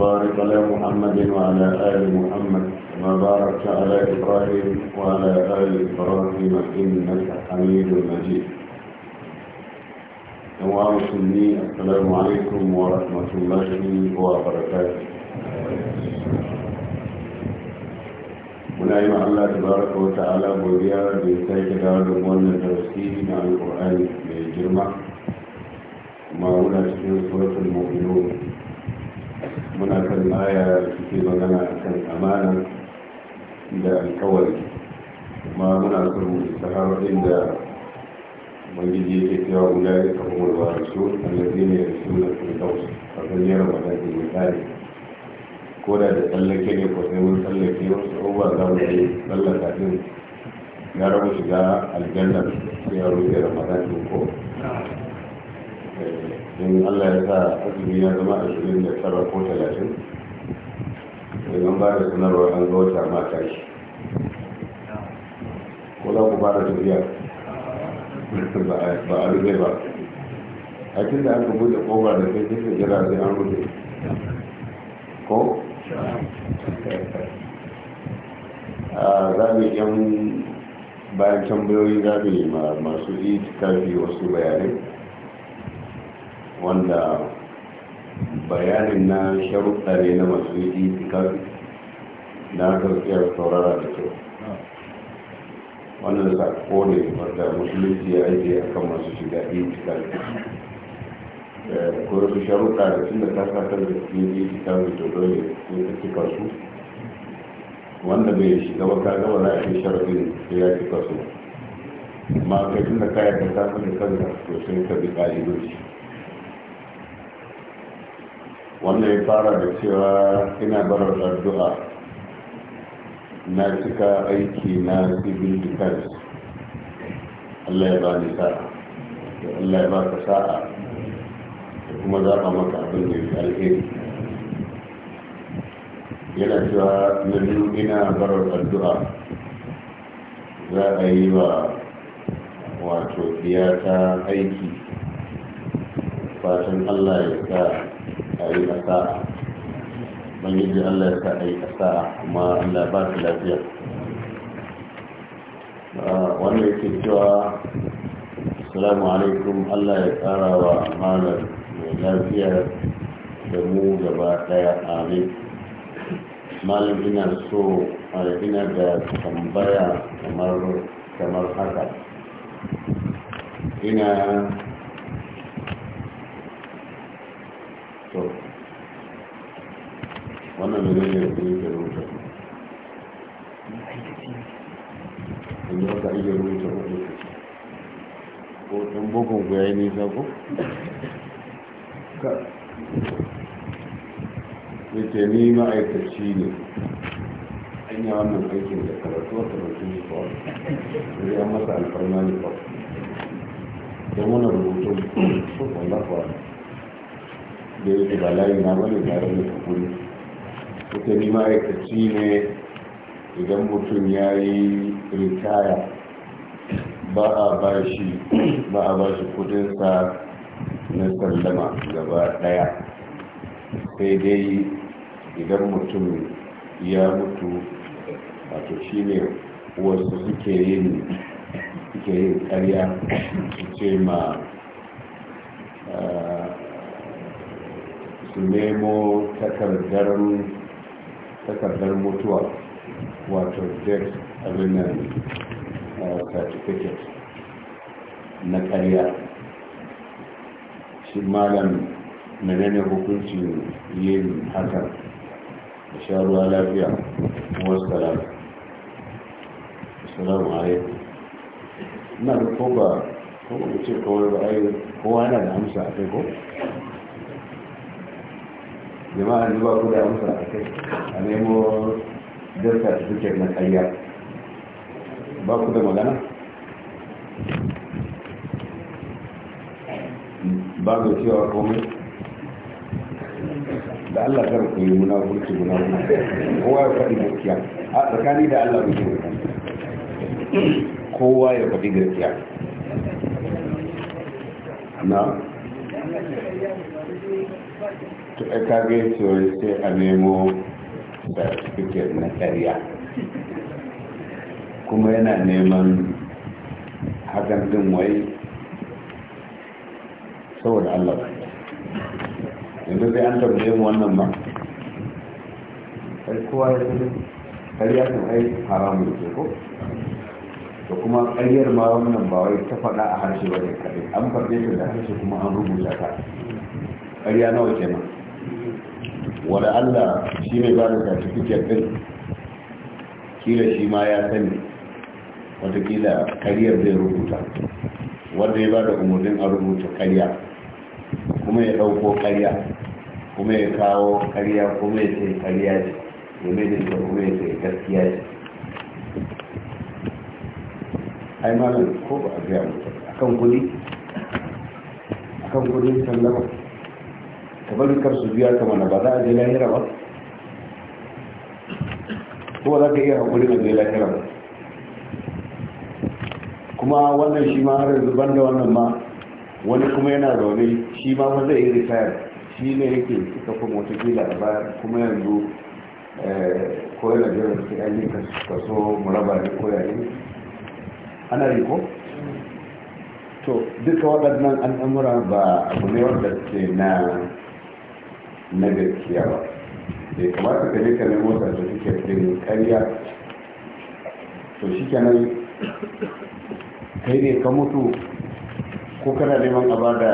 وبارك على محمد وعلى آل محمد وبارك على إبراهيم وعلى آل إبراهيم إنك حميد مجيد نوار سني السلام عليكم ورحمة الله وبركاته ونعم الله تبارك وتعالى بوديا بيسايك دار دمون الدرسين من القرآن بجرمة ما هو نشكل صورة المؤمنون هنا في الآية التي لنا في الأمانة إلى الحول ما هنا في السحر إلا مجدي في أولئك هم الوارثون الذين يرثون الفردوس فمن يرمى هذه الآية كولا تتلكني فسيقول تلكني وصعوبة دولي بل تأتين يا رب شجاع الجنة في أولئك رمضان in allah ya sa azumi ya zama ashirin da tara ko talatin nan ba da sanarwa an ga wata mata shi ko za ku fara tafiya ba a rufe ba a cikin da aka buɗe ƙofa da sai kisa jira sai an rufe ko za mu yan bayan tambayoyi za mu yi masu wasu bayanai wanda bayanin na sharuɗa ne na masu yi itikafi na karfiyar saurara da kyau wannan sako ne wadda musulunci ya aiki a kan masu shiga itikafi eh, ko su sharuɗa da tun da ta satar da su yi itikafi da dole ne ta cika su wanda bai shiga ba ka gaba za a yi sharuɗin da ya cika su amma kai tun da kayan ta satar da kanka to sai ka bi ƙa'idoji wanda ya fara da cewa ina barar addu'a na cika aiki na civil defense allah ya ba ni sa'a da allah ya ba ka sa'a da kuma zaɓa maka abin da ya alheri yana cewa na biyu ina barar addu'a za a yi wa wato biya ta aiki fatan allah ya sa a yi asara ubangiji allah ya sa a yi asara kuma allah ba su lafiya ah, wanda yake cewa assalamu alaikum allah ya tsara wa malar mai lafiya da mu gaba daya amin malam ina so ah, ina da tambaya kamar haka ina to wannan ne zai yi da rubuta inda ka iya rubuta wani ko ɗan bugun ku ya yi nisa ko ka ce ni ma'aikaci ne an yi wannan aikin da karatu a karatu ne ba da ya masa alfarma ne ba don wannan rubutun sun kwallon da yake ba layi na bane tare da kuri ita ni ma'aikaci ne idan mutum ya yi ritaya ba a ba shi ba a ba kudinsa na sallama gaba daya sai dai idan mutum ya mutu wato shi ne wasu suke yin suke yin karya su ce ma su nemo takardar mutuwa wato death abin nan certificate na karya shi malam na nene hukuncin yin hakan da sha ruwa lafiya wasu salamu salamu alaikum na da ko ba ko ba ce kawai ba ai kowa yana da amsa a kai ko jama'a ne ba ku da amsa a kai a nemo darsa da suke na kariya ba ku da magana ba ga cewa komai da Allah zara ku yi muna hulki muna hulki kowa ya faɗi gaskiya a tsakani da Allah muke kowa ya faɗi gaskiya na to a kage cewa sai a nemo certificate na ƙarya kuma yana neman hakan din wai saboda allah yanzu sai an tambaye mu wannan ba kai kowa ya kariya kan ai haramun ko da kuma ƙaryar ma wannan ba wai ta faɗa a harshe ba ne kaɗai an faɗe ta da harshe kuma an rubuta ta ƙarya nawa kenan Wani Allah shi ne ba da certificate ɗin kila shi ma ya sani watakila ƙaryar zai rubuta wanda ya ba da umarnin a rubuta ƙarya kuma ya ɗauko ƙarya kuma ya kawo ƙarya kuma ya ce ƙarya ce domin da kuma ya ce gaskiya ce ai malam ko ba a biya a kan kudi kan kudi lafa ka bari kar su biya ka mana ba za a je lahira ba ko za ka iya hakuri na je lahira ba kuma wannan shi ma har yanzu banda da wannan ma wani kuma yana zaune shi ma wanda ya rifayar shi ne yake suka fi motakila a baya kuma yanzu eh, ko yana jiran su an yi kaso muraba ne ko yayin ana yi ko to duka waɗannan al'amura ba abu ne wanda ke na na ba da kamata ka je ka nemo certificate din karya to shi kenan kai ne ka mutu ko kana neman a bada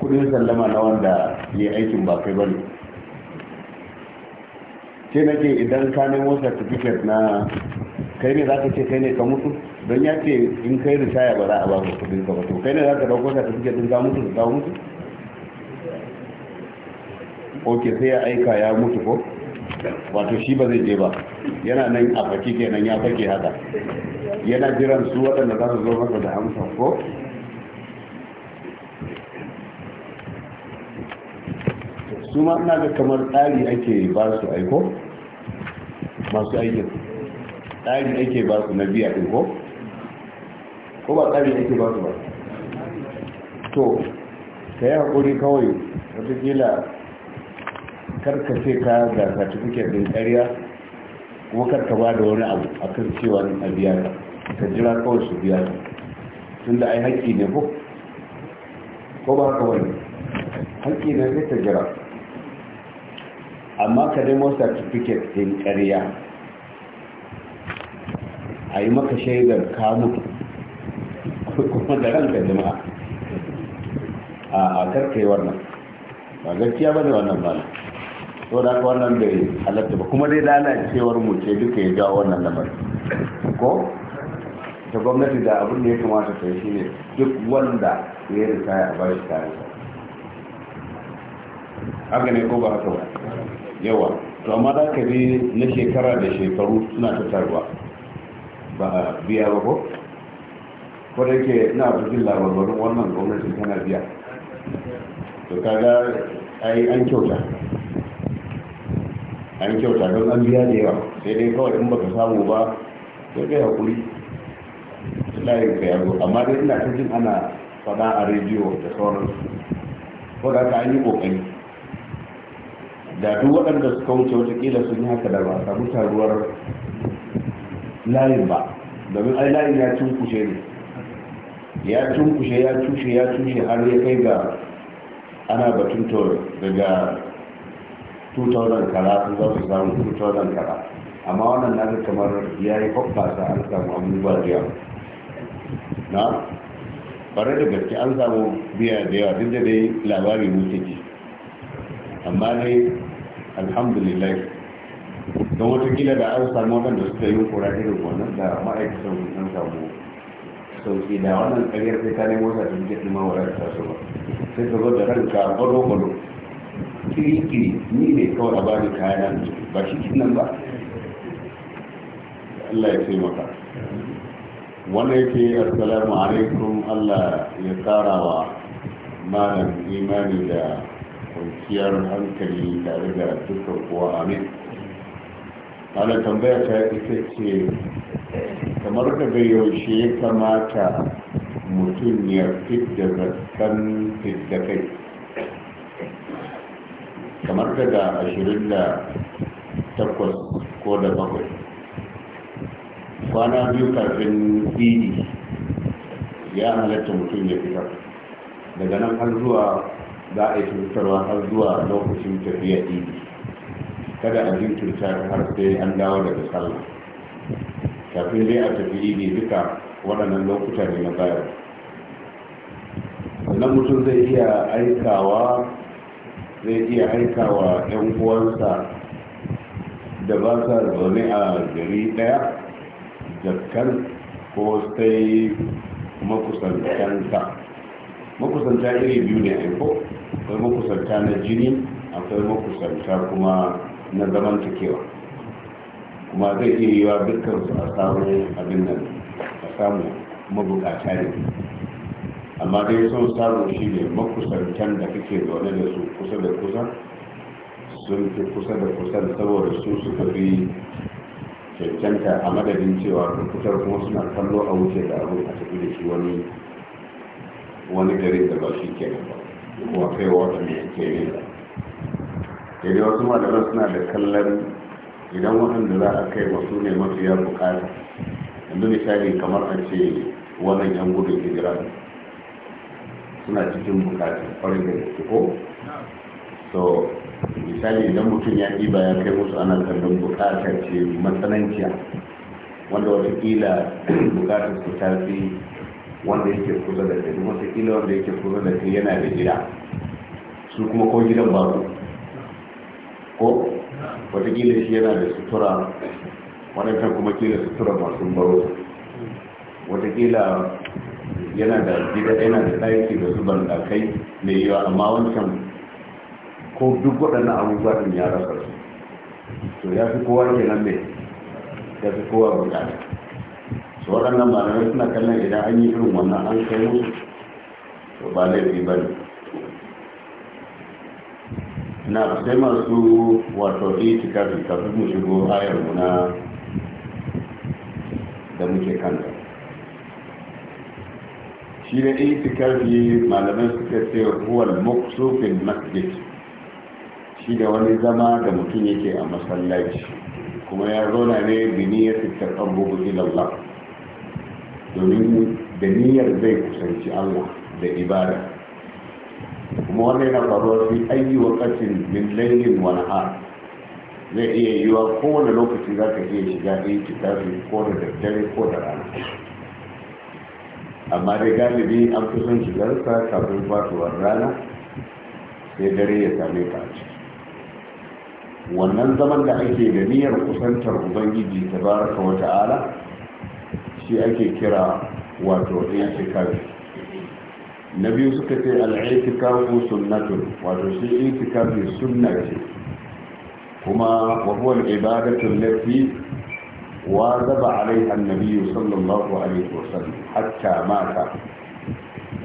kudin sallama na wanda ya yi aikin ba kai bane sai nake idan ka nemo certificate na kai ne za ka ce kai ne ka mutu don ya ce in kai ritaya ba za a ba ka kudin ka ba to kai ne za ka dauko ka suke din za mutu ka mutu ok sai ya aika ya mutu ko wato shi ba zai je ba yana nan a faki kenan ya fake haka yana jiran su waɗanda za su zo masa da amsa ko su ma ina ga kamar tsari ake ba su aiko masu aikin tsari ake ba su na biya ɗin ko? ko ba tsari ake ba su ba to ka yi haƙuri kawai watakila karkace ka ga certificate ɗin ƙarya kuma karka ba da wani abu a kan cewa a biya ka ka jira kawai su biya ka tun da ai haƙƙi ne ko ko ba haka wani haƙƙi ne sai ta jira amma ka nemo certificate ɗin ƙarya a yi maka shaidar ka kuma da ranka jama'a a karkai wannan ba gaskiya ba da wannan ba so da wannan bai halatta ba kuma dai lalacewar mu ce duka ya jawo wannan lamarin ko ta gwamnati da abin da ya kamata ta yi ne duk wanda ya ritaya a bashi kayan haka ne ko ba haka ba yawa to amma za ka bi na shekara da shekaru suna ta tarwa ba a biya ba ko ko da yake na jin labarin wannan gwamnatin tana biya to kaga ai an kyauta an kyauta don an biya da yawa sai dai kawai in baka samu ba sai dai hakuri layin ka yago amma dai ina ta jin ana fada a rediyo da sauransu ko da an yi kokari da duk waɗanda suka wuce wata kila sun yi haka da ba a samu taruwar layin ba domin ai layin ya cunkushe ne ya cunkushe ya tushe ya tushe har ya kai ga ana batun to daga 2000 kara sun zafi su samu 2000 kara amma wannan na kamar ya yi hoppasa an samu abubuwa da yawa na bare da gaske an samu biya da yawa duk da dai labari muke amma dai alhamdulillah don wata gida da an samu waɗanda suka yi kura irin wannan da ma'aikatan sun samu sauki da wannan ƙaryar sai ta nemo sa cikin jirgin ma wadda ta so ba sai ka zo da ranka ɓaro ɓaro kiri-kiri ni ne kawai a bani kayan ba shi nan ba Allah ya taimaka wanda yake assalamu alaikum Allah ya tsara wa malam imani da kwanciyar hankali tare da dukkan kowa amin ana tambaya ta ita ce kamar da bai yaushe ya kamata mutum ya fidda zakan fidda kai kamar daga ashirin da takwas ko da bakwai kwana biyu kafin idi ya halatta mutum ya fitar daga nan har zuwa za a yi fitarwa har zuwa lokacin tafiya idi kada a jinkirta har sai an dawo daga sallah kafin dai a tafi idi duka waɗannan lokuta ne na bayar sannan mutum zai iya aikawa zai iya aikawa 'yan uwansa da ba sa zaune a gari ɗaya jakkan ko sai makusantanta makusanta iri biyu ne aiko akwai makusanta na jini akwai makusanta kuma na zaman takewa kuma zai iya yiwa dukkan su a samu abin nan a samu mabukata ne amma dai sun samu shi ne makusantan da kake zaune da su kusa da kusa sun fi kusa da kusan saboda su suka fi cancanta a madadin cewa kusa kuma suna kallo a wuce da abin a tafi da shi wani wani gari da ba shi kenan ba kuma kai wata mai ke ne sai dai wasu malaman suna da kallon idan waɗanda za a kai masu ne mafiya bukata yanzu misali kamar a ce wannan yan gudun hijira suna cikin bukata farin da gaske ko so misali idan mutum ya ɗiba ya kai musu ana kallon bukata ce matsananciya wanda watakila bukatar su ta fi wanda yake kusa da kai watakila wanda yake kusa da kai yana da gida su kuma ko gidan ba ko watakila shi yana da sutura wadancan kuma da sutura masu baro watakila yana da gida yana da ɗaki da zuban da kai mai yiwa amma wancan ko duk waɗannan abubuwa ɗin ya rasa su to ya fi kowa ke nan mai ya fi kowa bukata su waɗannan malamai suna kallon idan an yi irin wannan an kai musu to ba laifi ba ne na sai masu wato itikafi kafin mu shigo ayarmu na da muke kanta shi da itikafi malamai suka ce huwal muksufin masjid shi da wani zama da mutum yake a masallaci kuma ya zauna ne da niyyar tattaɓar ilalla. ilallah domin da niyyar zai kusanci allah da ibada wani na yana faruwa fi ayi wakatin min lailin wani nahar zai iya yiwa kowane lokaci za ka iya shiga itikafi ko da daddare ko da rana amma dai galibi an fi son shigarsa kafin fasuwar rana sai dare ya same ka a wannan zaman da ake da niyyar kusantar ubangiji baraka wata ala, shi ake kira wato itikafi na biyu suka ce al'aitikafu sunnatun wato shi itikafi sunna ce kuma wa huwa al-ibadatu zaba wazaba alaiha an-nabi sallallahu alaihi wasallam hatta mata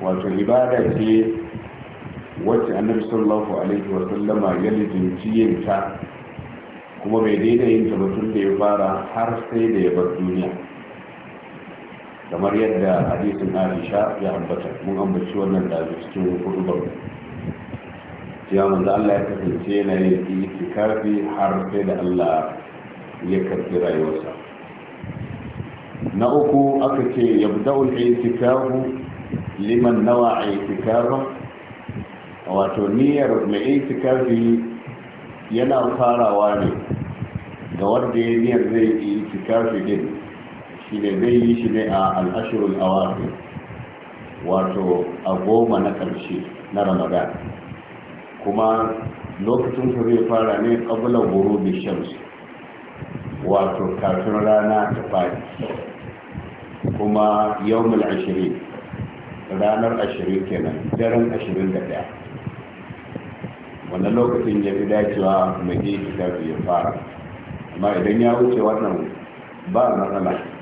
wato ibada ce wacce annabi sallallahu alaihi wasallama ya lizinci yin ta kuma bai daidai yin ta da ya fara har sai da ya bar duniya kamar yadda hadisin aisha ya ambata mun ambaci wannan da cikin hudubar ya manzo Allah ya kasance yana yin itikafi har sai da Allah ya karbi rayuwarsa na uku aka ce yabda'ul itikafu liman nawa itikafa wato niyyar mai itikafi yana farawa ne ga wanda ya niyyar zai itikafi din shi ne zai yi shi ne a al'ashirul awafi wato a goma na karshe na ramadan kuma lokacin su zai fara ne ƙabula guru da shams wato kafin rana ta fadi kuma mil ashirin ranar ashirin kenan daren ashirin da ɗaya wannan lokacin ya fi dacewa mai ji ya fara amma idan ya wuce wannan ba matsala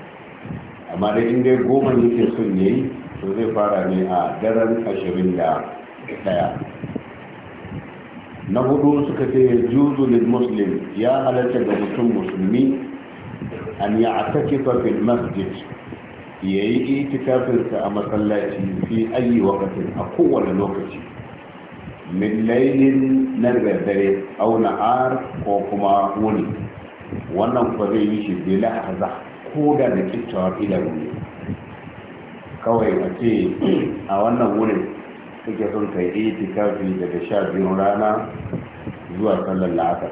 amma dai in dai goma yake son ne, to zai fara ne a daren ashirin da ɗaya na hudu suka ce ya juzu lil muslim ya halatta ga mutum musulmi an ya atakifa fil masjid ya yi itikafinsa a masallaci fi ayi wakatin a kowane lokaci min lailin na dare au na'ar ko kuma wuni wannan kuwa zai yi shi bila haza ko da da kittawa fila kawai a ce a wannan wurin suke son kai kafi daga sha biyun rana zuwa sallar la'akar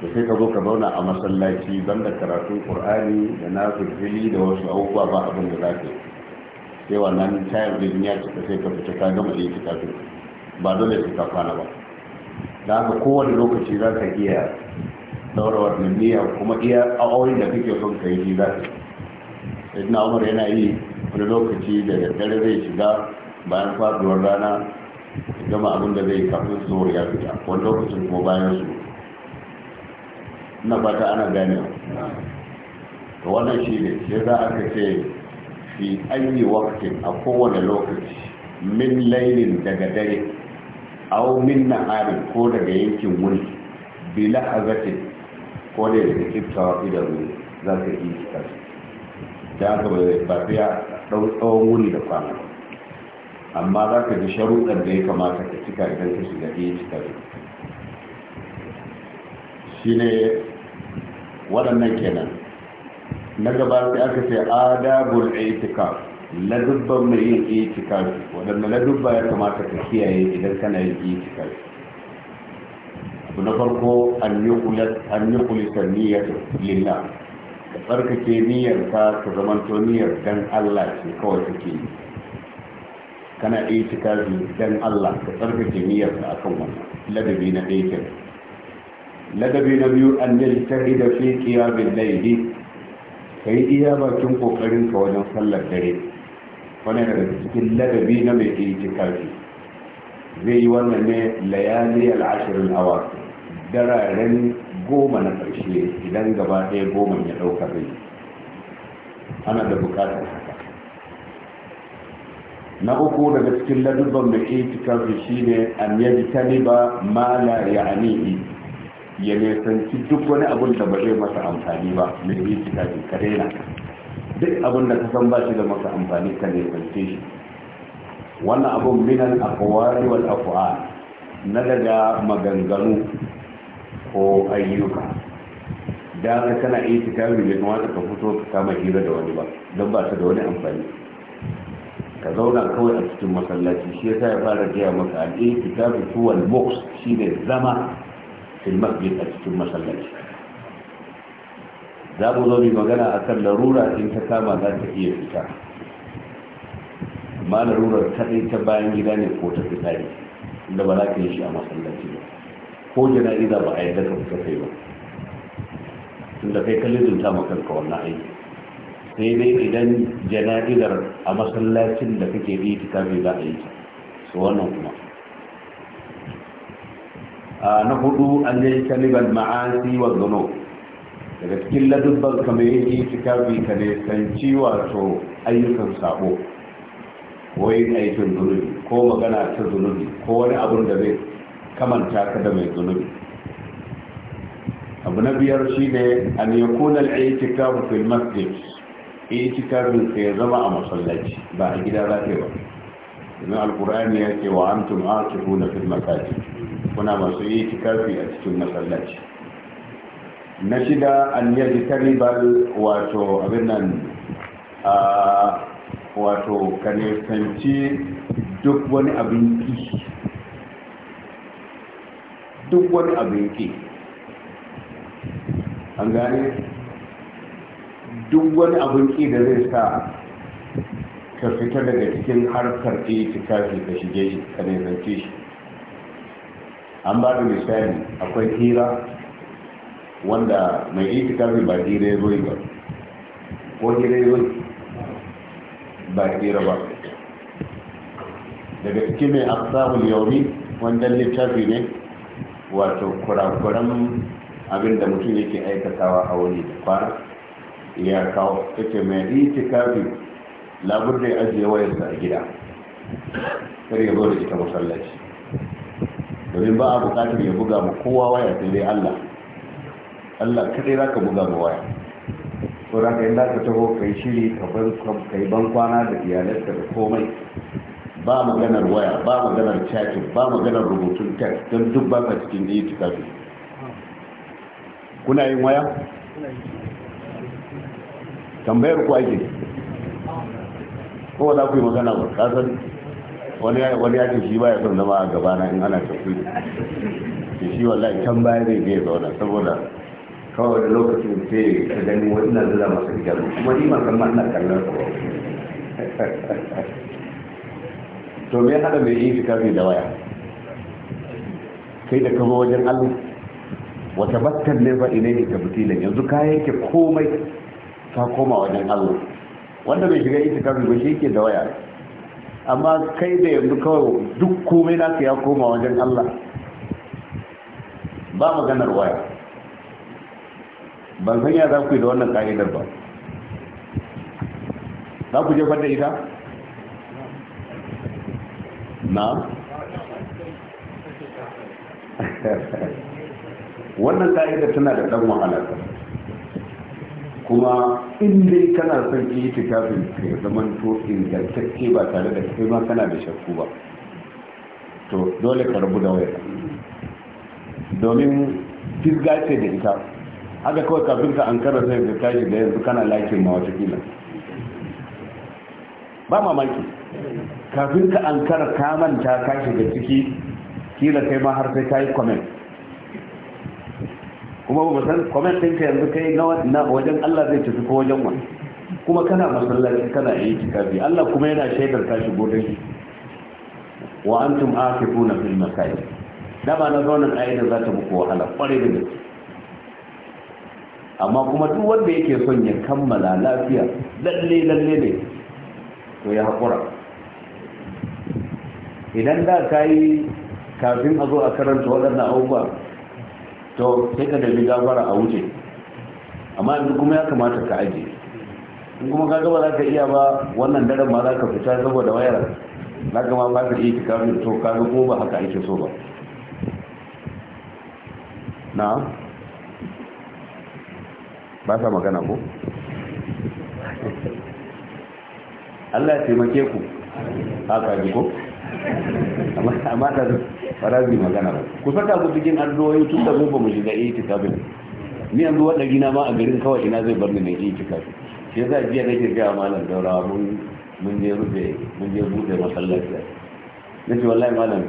da sai ka zo ka zauna a masallaci da karatun ƙur'ani da na firfili da wasu abubuwa ba abin da za ka yi sai wannan tayar da ya cika sai ka fita ka gama kafi ba dole su ka kwana ba da haka kowane lokaci za ka iya daura wannan kuma iya aure da kake son ka yi za ka yi umar yana yi wani lokaci da daddare zai shiga bayan faduwar rana gama abin da zai kafin zuwa ya fita wani lokacin kuma bayan su na fata ana gane to wannan shi ne sai za a ce fi anyi wakti a kowane lokaci min lailin daga dare au min naharin ko daga yankin wuni bila azatin ko da yake kiftawa idanu za ka yi shi kashi da aka ba fiya tsawon wuni da kwana amma za ka ji sharuɗan da ya kamata ka cika idan ka shiga iya cika shi ne waɗannan kenan na gaba sai aka ce adabul itikaf ladubban mai yin itikaf waɗanda ladubba ya kamata ka kiyaye idan kana yin itikaf na farko an yi kulisar niyyar lillah ka tsarkake niyyar ka ka zamanto niyyar dan Allah ce kawai take yi kana iya cika dan Allah ka tsarkake niyyar ka akan wani, ladabi na ɗaya ladabi na biyu an yi tahida fi qiyamil layli kai iya bakin kokarin wajen sallar dare wani daga cikin ladabi na mai iya cika zai yi wannan ne layali al ashirin al-awaqi Gararen goma na ƙarshe idan gaba ɗaya goma ya ɗauka rai ana da bukatar haka na uku daga cikin ladubban da ke cikin shi ne an yaji ba, mala ya anihi ya nesanci duk wani abun da ba zai masa amfani ba mai yi cikafi ka daina duk abun da ka san ba shi da masa amfani ka nesance shi wannan abun minan akwari wal afu'a na daga maganganu ko ayyuka da aka kana iya da bai kamata ka fito ka kama hira da wani ba don ba ta da wani amfani ka zauna kawai a cikin masallaci shi yasa ya fara jiya maka al'in tikafi tuwal box shi ne zama fil masjid a cikin masallaci za mu zo mai magana a kan larura in ta kama za ta iya fita amma larurar ɗaya ta bayan gida ne ko ta fitari inda ba za ka yi shi a masallaci ba ko jana'iza ba a yadda ka kai ba da kai ka lizinta ma wannan aiki sai dai idan jana'izar a masallacin da kake bi ta za a yi su wannan kuma a na hudu an yi kaliban ma'asi wa zano daga cikin ladubban kamar yin itikafi ka ne sanci wato ayyukan sabo ko yin aikin zunubi ko magana ta zunubi ko wani abun da zai kamanta ka da mai zunubi abu na biyar shi ne an yi kunan aitika fil masjid aitika bin ya zama a masallaci ba a gida za ba domin alkurani ya ce wa antum aqifu na fil masajid kuna masu itikafi a cikin masallaci na shida an yaji taribal wato abin nan a wato ka nisanci duk wani abin kishi duk wani abu yake an gane duk wani abu ki da zai sa ka fita daga cikin harkar kafi ka shige shi ka zance shi an ba da misali akwai hira wanda mai kafi ba hira ya zoyi ba ko hira ya zoyi ba hira ba daga cikin mai wani yaumi wanda littafi ne wato kurakuran abin da mutum yake aikatawa a wani da fara ya kawo ita mai kafi labar da ya ajiye wayarsa a gida kar ya zo da ita masallaci domin ba a bukatar ya buga ma kowa waya sai dai Allah Allah kadai za ka buga ma waya ko za ka yi za ka taho ka yi shiri ka yi ban kwana da iyalarka da komai ba maganar waya ba maganar chatting ba maganar rubutun text don duk ba ka cikin yi tikafi kuna yin waya tambayar ku ake kowa za ku yi magana ba kasar wani ya ya ce shi baya son zama a gabana in ana tafi ke shi wallahi can baya zai je zauna saboda kawai da lokacin sai ka gani wani na zama su gyaru kuma ni ma kan ma kallon ko to me hada mai itikafi da waya kai da kama wajen Allah wata bakkar ne fa ilaihi tabtilan yanzu ka yake komai ka koma wajen Allah wanda bai shiga kafin ba shi yake da waya amma kai da yanzu kawai duk komai na ya koma wajen Allah ba maganar waya ban san ya za ku yi da wannan ka'idar ba za ku je fadda ita na wannan ka'idar tana da ɗan wahala kuma in dai kana son ki yi tikafin ka zaman to ingantacce ba tare da kai ma kana da shakku ba to dole ka rabu da waya domin fisga ce da ita haka kawai kafin ka an kara sai tashi da yanzu kana lakin ma watakila ba mamaki kafin ka ankara ka manta ka shiga ciki kila kai ma har sai ka yi comment kuma ba san comment ɗinka yanzu kai na wajen Allah zai tafi ko wajen wani kuma kana masallaci kana yi tikabi Allah kuma yana shaidar ka shigo da shi wa antum akifuna fil masajid ba na zaunan ayyana za ta muku wahala kwarai da gaske amma kuma duk wanda yake son ya kammala lafiya lalle lalle ne to ya haƙura idan da ka yi kafin a zo a karanta waɗannan abubuwa to sai ka dabi gafara a wuce amma yanzu kuma ya kamata ka aje in kuma ka gaba za ka iya ba wannan daren ma za ka fita saboda wayar za ka ma ba ka iya kafin to ka ga ko ba haka ake so ba na ba sa magana ko Allah ya taimake ku haka ji ko amma da farazi magana ba ku saka ku cikin addu'o'i tun da mu ba mu shiga yi itikafin ni yanzu wadari na ma a garin kawai ina zai bar ni na itikafi shi yasa jiya nake ga malam daura mun mun je rufe mun je bude masallaci na ce wallahi malam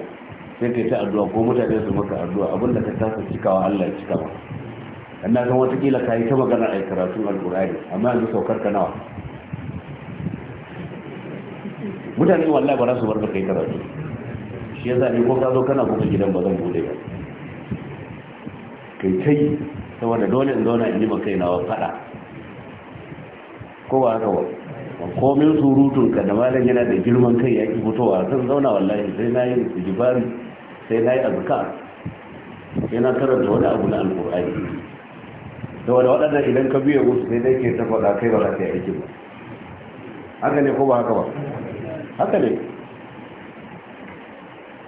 sai ka yi ta addu'a ko mutane su maka addu'a abinda ka tasa cikawa Allah ya cika ba na san watakila ka yi ta magana a karatun alkurari amma yanzu saukar ka nawa mutane wallahi ba za su bar ka kai karatu shi yasa ne ko ka zo kana buga gidan ba zan bude ba kai kai saboda dole in zauna in yi ma kaina wa fada ko ba haka ba komin surutun ka da malam yana da girman kai ya ki fitowa zan zauna wallahi sai na yi jibari sai na yi azkar sai na karanta wani abu na alkur'ani da wani waɗannan idan ka biya musu sai dai ke ta kai ba za ka yi aiki ba haka ne ko ba haka ba haka ne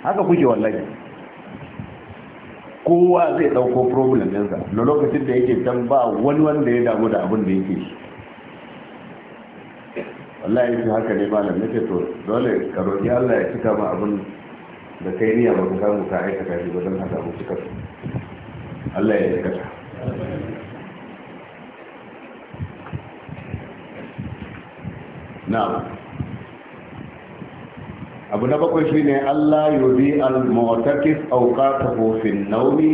haka kuke wallahi kowa zai dauko problem ɗinsa na lokacin da yake dan ba wani wanda ya damu da abin da yake shi wallahi shi haka ne ba malam nake to dole ka roki Allah ya cika ma abin da kai niyya ba ka samu ka aikata shi ba don haka ku cika Allah ya cika ta na'am abu na bakwai shine Allah yudi al-mu'takif awqatahu fi an-nawmi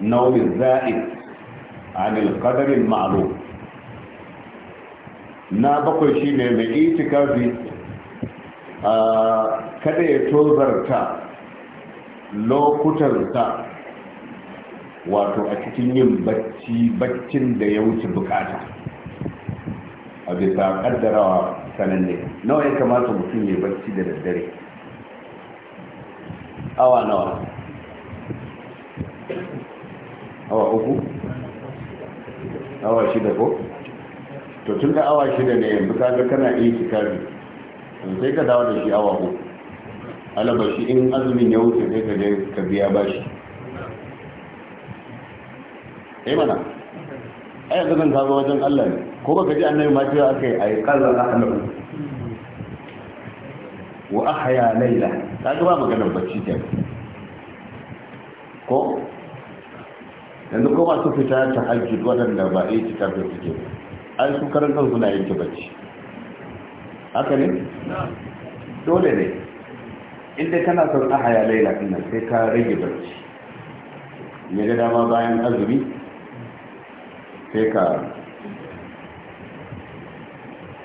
nawmi zaid an al-qadar al-ma'lum na bakwai shine mai itikafi kada ya tozarta sa wato a cikin yin bacci baccin da ya wuce bukata a bisa kaddarawa ne nawa ya kamata mutum ya barci da daddare awa nawa awa uku awa shida ko to tun da awa shida ne yanzu kaga kana iya kitabi sai ka dawo da shi awa uku shi in azumin ya wuce sai ka je ka biya shi ai eh mana ai yanzu zan kaga wajen Allah ne ko baka ji annabi ma cewa akai ay qallan ahlu wa ahya layla kaga ba maganar bacci ta ko yanzu ko masu fita ta hajji waɗanda ba a yi ta kafin suke an su karan kansu na yin bacci haka ne dole ne inda kana son ahya laila ɗin nan sai ka rage bacci me da dama bayan azumi sai ka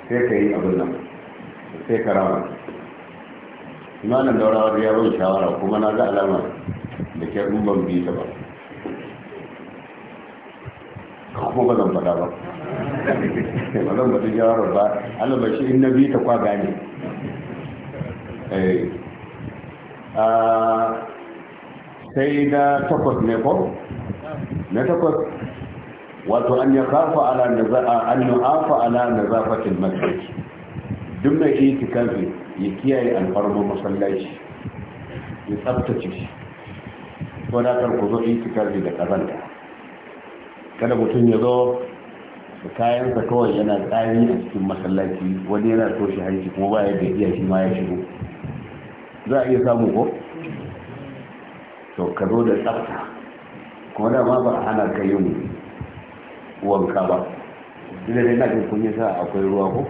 sai ka yi abin nan sai ka rama imanin daurawa da yawon shawara kuma na ga alama da ke rumban biyu ta ba kuma ba zan fada ba ba zan fada shawarar ba ana ba shi in na biyu ta kwa gane eh. sai na takwas ne ko na takwas wato an ya kafa ala naza'a an yu'afa ala nazafatil masjid duk mai itikafi ya kiyaye alfarma masallaci ya tsabtace shi ko da kar ku zo itikafi da kazanta kada mutum ya zo da sa kawai yana tsari a cikin masallaci wani yana toshe hanci kuma ba yadda iya shi ma ya shigo za a iya samu ko to ka zo da tsafta kuma da ma ba a hana ka yin ka ba ina da dai na jin kun yi sa akwai ruwa ko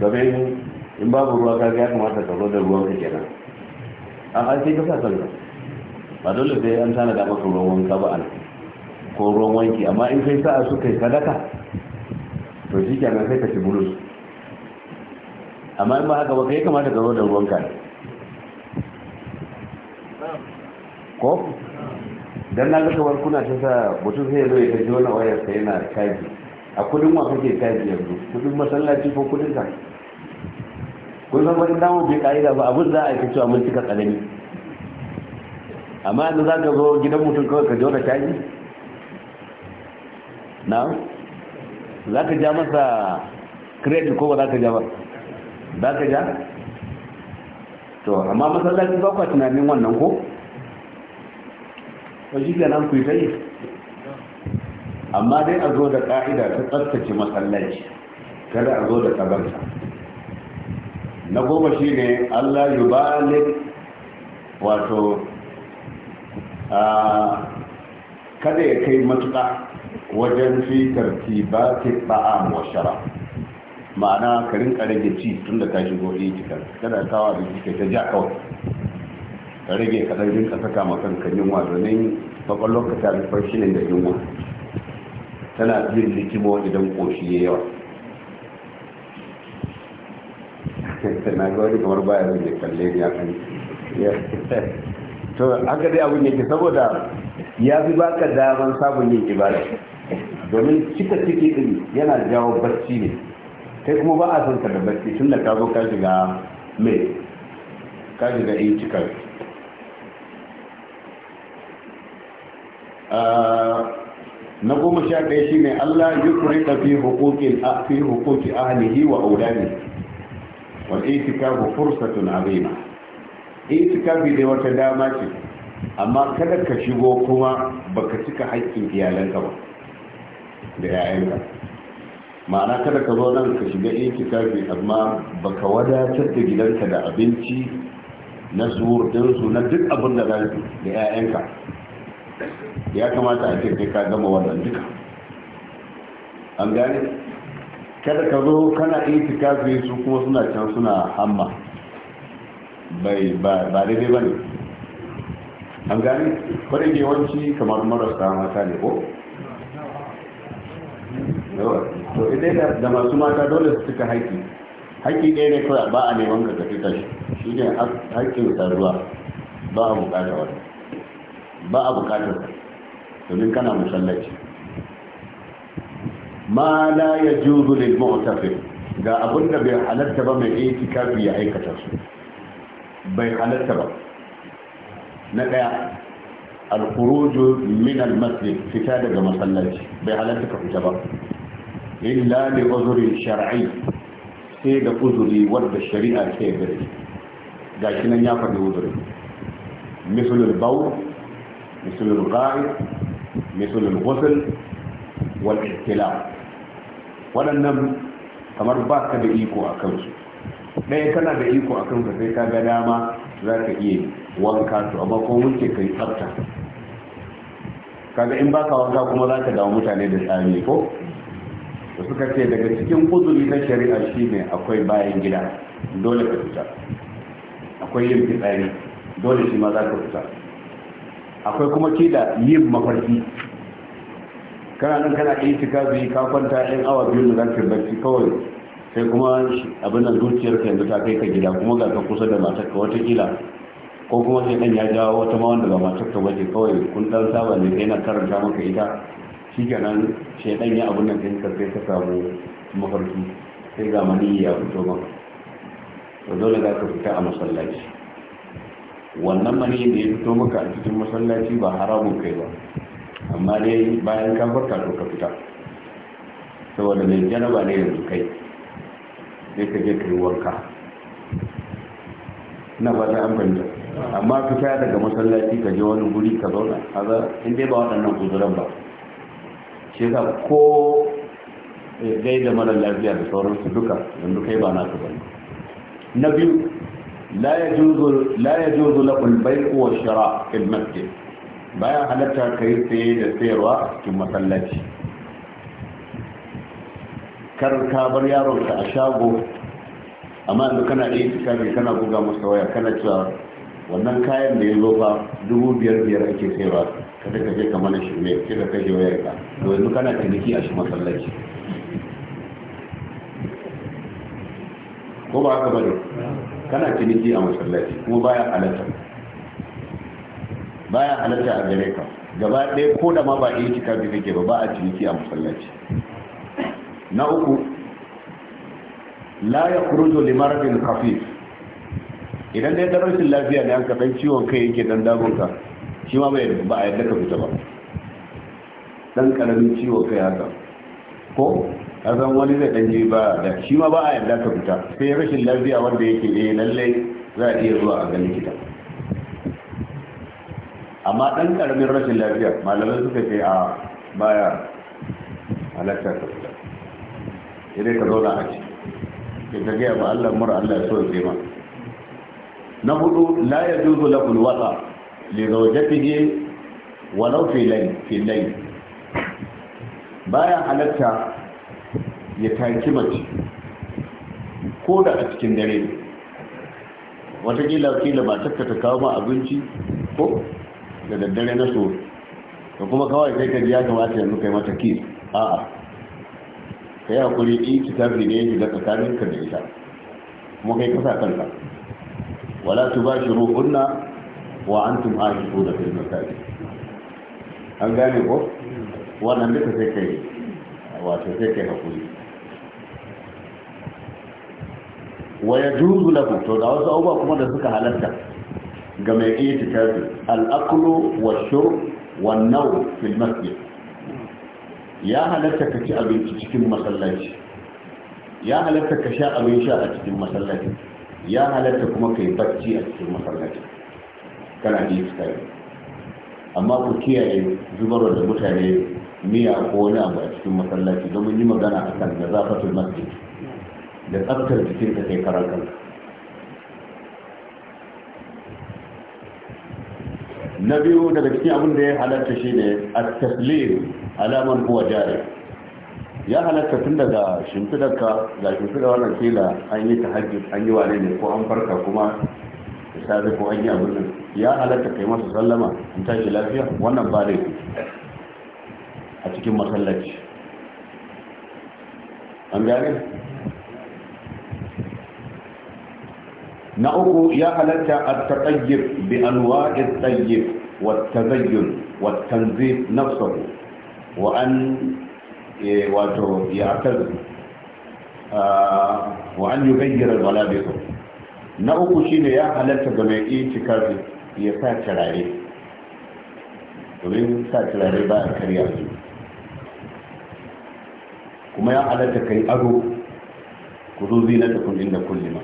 domin in babu ruwa ka ya kamata ka zo da ruwan ka kenan an an sai ka sa kanka ba dole sai an tana da maka ruwan wanka ba an ko ruwan wanki amma in kai sa'a su kai sadaka to shi kenan sai ka ci bulus amma in ba haka ba kai kamata ka zo da ruwan ka. ko dan na ga kuna ta sa mutum zai zo ya tafi wani wayar sa yana kaji, a kudin wa kake kaji yanzu kudin masallaci ko kudin ka kun san wani damu bai ka'ida ba abin za a yi cewa mun cika tsanani amma yanzu za ka zo gidan mutum kawai ka jona kaji? na za ka ja masa credit ko ba za ka ja ba za ka ja to amma masallaci ba kwa tunanin wannan ko to shi ku yi ta amma dai a zo da ka'ida ta tsaftace masallaci kada a zo da kabarta na goma shi ne allah yi balik wato kada ya kai matuƙa wajen fi tartiba ta ba'a wa shara ma'ana karin rage ci tun da ta shigo iya kada kawo da ta ja kawai ka rage kadan jin saka ma kanka yunwa domin kwakwalwar ka ta rufar shi da yunwa tana yin likimo idan koshi ya yawa na ga kamar baya zai ne kalle ya kan to haka dai abin yake saboda ya fi baka daman sabon yin ibada domin cika ciki din yana jawo barci ne kai kuma ba a son ka da barci tun da ka zo ka shiga mai ka shiga yin cikar na goma sha ɗaya shi ne allah yi kuri ɗafi hukukin fi hukuki ahalihi wa aulani wal itikafu fursatun azima bi da wata dama ce amma kada ka shigo kuma baka cika haƙƙin iyalanka ba da 'ya'yanka ma'ana kada ka zo nan ka shiga bi amma baka wadatar da gidanka da abinci na suwurdinsu na duk abin da za da 'ya'yanka ya kamata a ce kai ka gama wannan duka an gane kada ka zo kana itikafi su kuma suna can suna hamma bai ba daidai ba ne an gane kwarin yawanci kamar marasa mata ne ko to idan da masu mata dole su cika haƙƙi haƙƙi ɗaya ne kawai ba a neman ka tafi tashi shi ne haikin saduwa ba a bukata wani ba a bukatar domin kana musallaci ma la ya juzu lil mu'tafi ga abin da bai halatta ba mai itikafi ya aikata su bai halatta ba na daya al-khuruju min al-masjid fita daga masallaci bai halatta ka fita ba illa li uzuri shar'i sai da uzuri wanda shari'a ce gare shi gashi nan ya faɗi uzuri misalul bawl مثل الغائب مثل الغسل والاختلاف waɗannan kamar ba ka da iko a kansu ɗaya kana da iko a kansu sai ka ga dama za ka iya wanka su amma kuma wuce ka yi tsafta kaga in ba ka wanka kuma za ka dawo mutane da tsami ko da suka ce daga cikin kuzuri na shari'a shine akwai bayan gida dole ka fita akwai yin fitsari dole shi ma za ka fita akwai kuma ke da yin mafarki kana nan kana ɗaya ka zai ka kwanta ɗan awa biyu da zafin barci kawai sai kuma abin da zuciyar ka yanzu ta kai ka gida kuma ga ka kusa da matar ka watakila ko kuma sai ɗan ya jawo wata ma wanda ba matar ka bace kawai kun ɗan saba ne kai na karanta maka ita shi kenan sai ɗan ya abin nan ɗin ka sai ka samu mafarki sai ga mani ya fito maka to dole za ka fita a masallaci wannan mani da ya fito maka a cikin masallaci ba haramun kai ba amma dai bayan ka farka to ka fita saboda mai janaba ne yanzu kai sai ka je kai wanka na ba ta amfani amma fita daga masallaci ka je wani guri ka zauna Haza. in dai ba waɗannan kuzuran ba shi yasa ko gaida mara lafiya da sauransu duka yanzu kai ba na su ba na biyu لا يجوز لا يجوز له البيع والشراء في المسجد بايع حالتها كيف سيروا cikin مسلتي kar ka bar yaron a shago amma yanzu kana iya fita ne kana buga masa waya kana cewa wannan kayan da ya zo fa dubu biyar biyar ake sayarwa ka daga je ka mana shirme sai ka kashe wayar ka to yanzu kana ciniki a shi masallaci ko ba haka ne? kana ciniki a masallaci ko baya halatta baya halatta a gare ka gaba ɗaya ko da ma ba iya cika bi kake ba ba a ciniki a masallaci na uku la ya kurujo limaradin kafif idan dai ta rashin lafiya ne ka dan ciwon kai yake dan damunka shi ma bai ba a yadda ka fita ba dan ƙaramin ciwon kai haka ko kazan wani zai dan je ba da shi ma ba a yarda ka fita sai rashin lafiya wanda yake eh lalle za a iya zuwa a ga likita amma dan karamin rashin lafiya malamai suka ce a baya halatta ka fita idan ka zauna a ci ke ta gaya ba Allah mura Allah ya so ya ma na hudu la la kul wata li zawjatihi walau fi layl fi layl baya halatta ya taki mace ko da a cikin dare ne watakila kila ba ta kawo ma abinci ko da daddare na so da kuma kawai kai ka ji ya kamata yanzu kai mata kis a'a ka yi hakuri ɗin kitabi ne ya shiga tsakaninka da ita kuma kai kasa kanka wala tu ba shi ruhunna wa an tum aji ko da fil masajid an gane ko wannan duka sai kai wato sai kai hakuri wa ya juzu lahu to da wasu abubuwa kuma da suka halatta ga mai itikafi al'akulu wa shur wa nau fil masjid ya halatta ka ci abinci cikin masallaci ya halatta ka sha abin sha a cikin masallaci ya halatta kuma ka yi bacci a cikin masallaci kana da itikafi amma ku kiyaye zubar da mutane miya ko wani abu a cikin masallaci domin yi magana a kan da zafatul masjid da tsaftar jikinka kai karan kanka na biyu daga cikin abin da ya halatta shi ne a taslim alaman kuwa jari ya halatta tun daga shimfidarka ga shimfidar wannan kila an yi ta hajji an yi wane ne ko an farka kuma da ko an yi abin nan ya halatta kai masa sallama an tashi lafiya wannan ba a cikin masallaci an gane na uku ya halatta at-taqayyib bi anwa'i at-tayyib wat-tazayyun wat-tanzih nafsuhu wa an e, wato ya'taz wa an yughayyir al-ghalabith na uku ne ya halatta ga mai itikafi ya sa turare domin sa turare ba a karya su kuma ya halatta kai aro ku zo zina ta kun da kullima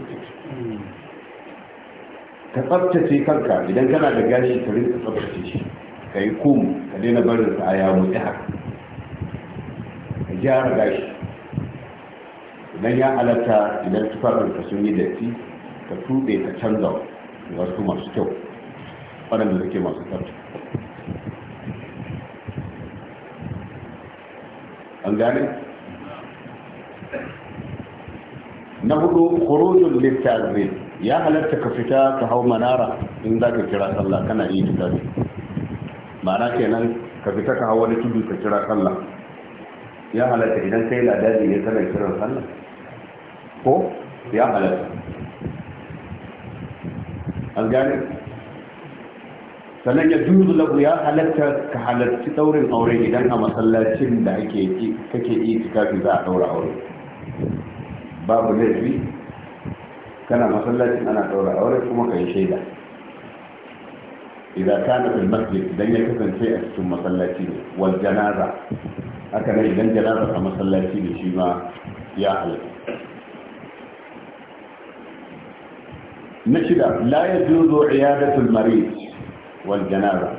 ka tsabtace kanka idan kana da gashi ka rinka tsabtace shi ka yi kum ka daina barin sa a yawo ta haka ka gyara gashi idan ya alata idan ka sun yi datti ka tuɓe ka canza wasu masu kyau waɗanda suke masu tsabta an gane na hudu khurujul littazin ya halatta ka fita ka hau manara in za ka kira sallah kana yi fita ne ma'ana kenan ka fita ka hau wani tudu ka kira sallah ya halatta idan kai ladabi ne kana kiran sallah ko ya halatta an gane sannan ya juzu lagu ya halatta ka halarci daurin aure idan a masallacin da ake kake yi tikafi za a daura aure babu laifi كان مصلاتي أنا أقول أولئك وما كان شيء ده إذا كانت المسجد دن يكفن شيء ثم مصلاتي والجنازة أكن إذا جنازة ثم مصلاتي بشي ما يأهل نشدة لا يجوز عيادة المريض والجنازة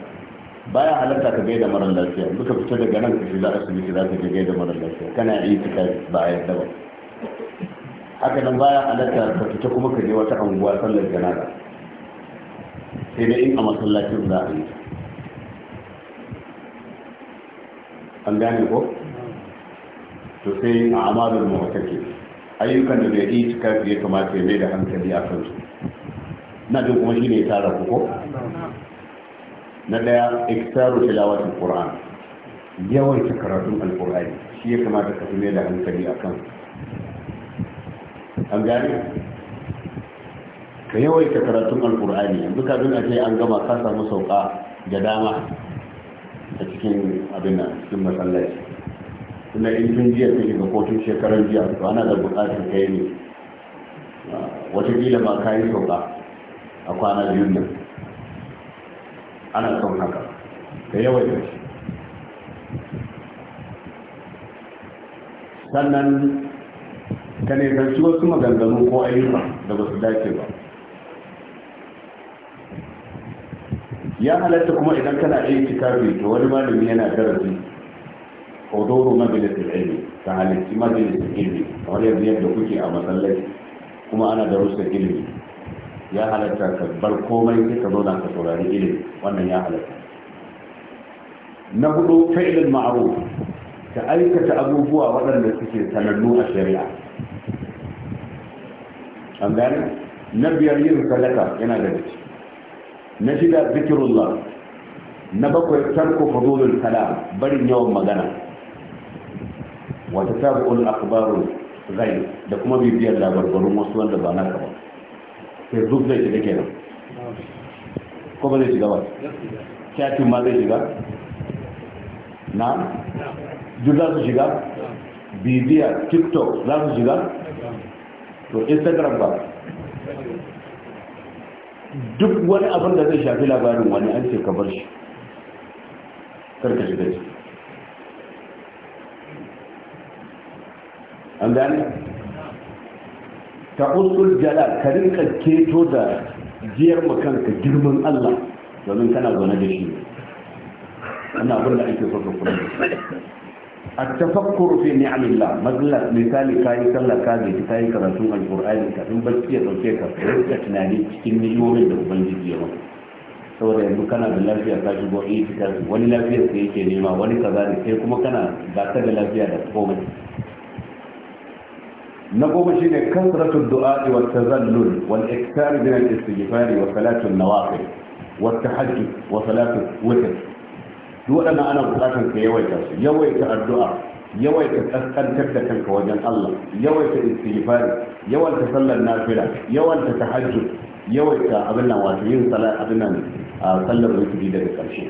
baya halatta ka gaida mara lafiya duka fita da ganin kashi za a su biki za ka ga gaida mara lafiya kana yi ta haka nan baya halatta ka fita kuma ka je wata anguwa sallar janaza sai dai in a masallacin za a yi an gane ko to sai a amalul ke. ayyukan da bai yi cika fiye kamata ya mai da hankali a kansu na jin kuma shi ya tara ku ko na daya iktaru tilawatul qur'an yawan karatun alqur'ani shi ya kamata ka fi mai da hankali a kansu an gane ka yawaita karatun alkur'ani yanzu kafin a ce an gama ka samu sauka da dama a cikin abin cikin masallaci kuma in tun jiya ka shiga kotun shekarar jiya to ana da bukatar yi ne watakila ma ka yi sauka a kwana biyun nan ana son haka ka yawaita shi sannan ka nisanci wasu maganganu ko ayyuka da ba su dace ba ya halatta kuma idan kana iya tikafi to wani malami yana darasi hudoro majalisar ilmi da halitti majalisar ilmi kamar yanzu yadda kuke a masallaci kuma ana da rusa ilmi ya halatta ka bar komai sai ka zauna ka saurari ilimi wannan ya halatta na hudu fa'ilin ma'ruf ka aikata abubuwa waɗanda suke sanannu a shari'a an gane na biyar yin sadaka yana da ciki na shida zikirullah na bakwai tarko fadulul kalam barin yawan magana wata tabi'ul akhbarul ghaib da kuma bibiyar labarbarun wasu wanda ba na ba sai duk zai shiga kenan ko ba zai shiga ba ma zai shiga na duk za su shiga bibiya tiktok za su shiga to instagram ba duk wani abin da zai shafi labarin wani an ce ka bar shi karka shiga ciki an ne? ta usul jala ka rinka keto da jiyar makanka girman allah domin kana zaune da shi wannan abin da ake so ka kula التفكر في نعم الله مثلا مثال كاي صلى كاي كاي كراتون القران كafin bacci ya dauke ka ka tunani cikin niyoyin da ubangiji ya maka saboda yanzu kana da lafiya ka shigo itikar wani lafiya sai yake nema wani kaza ne sai kuma kana ba ta da lafiya da komai na goma shine kasratu du'a wa tazallul wal iktar min al istighfar wa salatu an nawafil wa tahajjud wa salatu witr duk ana buƙatar ka yawaita su yawaita addu'a yawaita kaskantar da kanka wajen Allah yawaita istighfari yawaita sallar nafila yawaita tahajjud yawaita abin nan wato yin salat abin nan sallar rukuni daga ƙarshe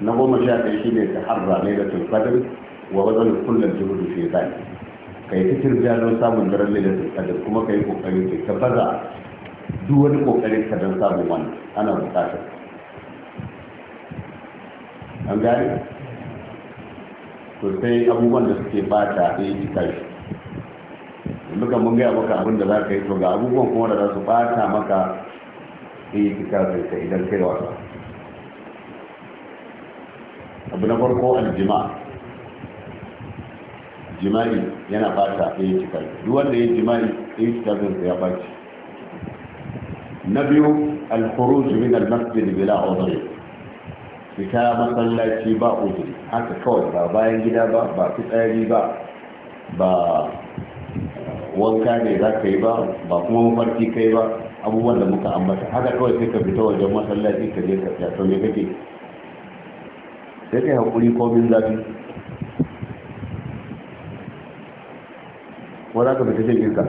na goma sha ɗaya shi ne ta harra ne da tulfadar wa wajen kullum jihudu fi zai kai ta tirja don samun daren lailatul qadr kuma ka kai kokari ka baza duk wani ƙoƙarin ka don samun wani, ana buƙatar an gane to sai abubuwan da suke bata ɗaya cika shi yanzu kan mun gaya maka abin da za ka yi to ga abubuwan kuma da za su bata maka ɗaya cika sai ka idan kai wasa abu na farko aljima jima'i yana bata ɗaya cika duk wanda ya jima'i ɗaya cika sai ya baci na biyu alkhuruj min almasjid bila udhri fita masallaci ba uzuri haka kawai ba bayan gida ba ba fitsari ba ba uh, wanka ne za ka yi ba ba kuma mafarki kai ba abubuwan da muka ambata haka kawai sai ka fita wajen masallaci ka je ka tsaya to me kake sai kai ko komin zafi ko za ka fita jirgin ka